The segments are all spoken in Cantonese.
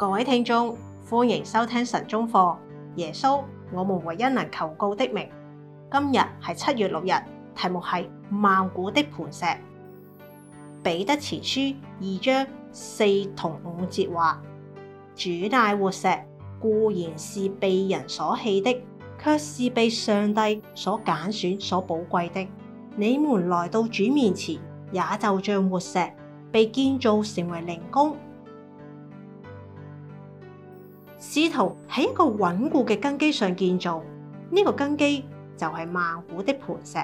各位聽眾，歡迎收聽晨鐘課。耶穌，我們唯一能求告的名。今日係七月六日，題目係《萬古的磐石》。彼得前書二章四同五節話：主大活石固然是被人所棄的，卻是被上帝所揀選所寶貴的。你們來到主面前，也就像活石被建造成為靈宮。試圖喺一個穩固嘅根基上建造，呢、這個根基就係萬古的磐石。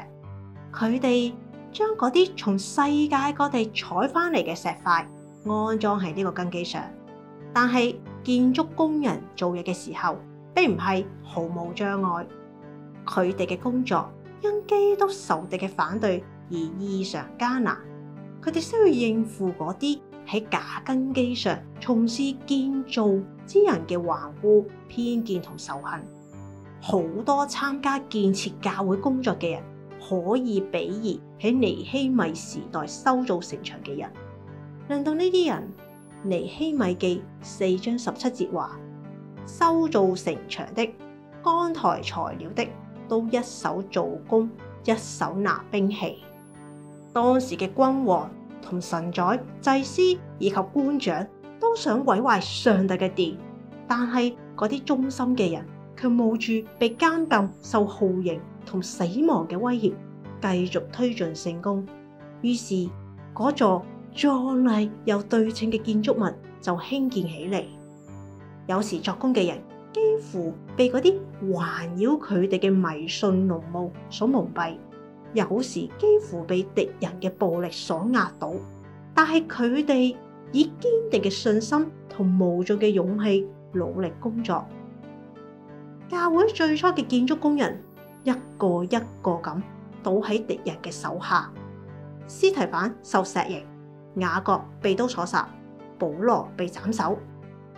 佢哋將嗰啲從世界各地採翻嚟嘅石塊安裝喺呢個根基上，但係建築工人做嘢嘅時候，並唔係毫無障礙。佢哋嘅工作因基督仇敵嘅反對而異常艱難，佢哋需要應付嗰啲。喺假根基上從事建造之人嘅頑固偏見同仇恨，好多參加建設教會工作嘅人，可以比擬喺尼希米時代修造城牆嘅人。令到呢啲人，尼希米記四章十七節話：修造城牆的、扛抬材料的，都一手做工，一手拿兵器。當時嘅君王。同神在祭司以及官長都想毀壞上帝嘅殿，但係嗰啲忠心嘅人卻冒住被監禁、受酷刑同死亡嘅威脅，繼續推進聖工，於是嗰座壯麗又對稱嘅建築物就興建起嚟。有時作工嘅人幾乎被嗰啲環繞佢哋嘅迷信濃霧所蒙蔽。有時幾乎被敵人嘅暴力所壓倒，但係佢哋以堅定嘅信心同無盡嘅勇氣努力工作。教會最初嘅建築工人一個一個咁倒喺敵人嘅手下，斯提反受石刑，雅各被刀所殺，保羅被斬首，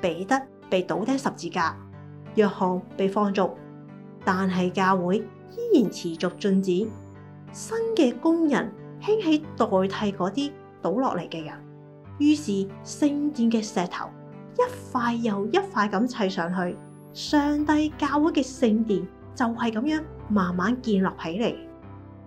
彼得被倒釘十字架，約翰被放逐。但係教會依然持續進展。新嘅工人興起代替嗰啲倒落嚟嘅人，於是聖殿嘅石頭一塊又一塊咁砌上去，上帝教會嘅聖殿就係咁樣慢慢建立起嚟。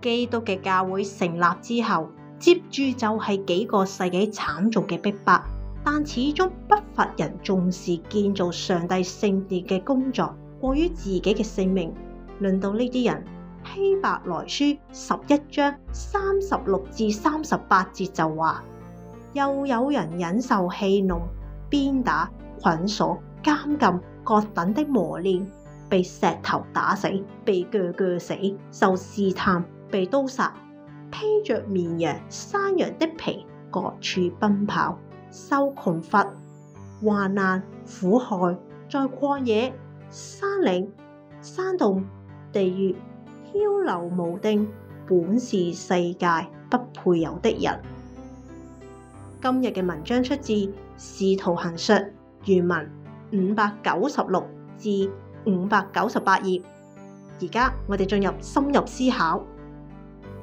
基督嘅教會成立之後，接住就係幾個世紀慘重嘅逼迫，但始終不乏人重視建造上帝聖殿嘅工作，過於自己嘅性命。輪到呢啲人。《希伯來書》十一章三十六至三十八節就話，又有人忍受戲弄、鞭打、捆鎖、監禁、各等的磨練，被石頭打死，被鋸鋸死，受試探，被刀殺，披着綿羊、山羊的皮，各處奔跑，受窮乏、患難、苦害，在曠野、山嶺、山洞、地穴。漂流無定，本是世界不配有的人。今日嘅文章出自《使徒行述》，原文五百九十六至五百九十八頁。而家我哋進入深入思考。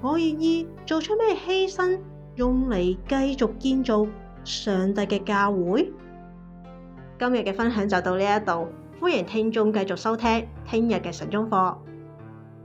我願意做出咩犧牲，用嚟繼續建造上帝嘅教會。今日嘅分享就到呢一度，歡迎聽眾繼續收聽聽日嘅神中課。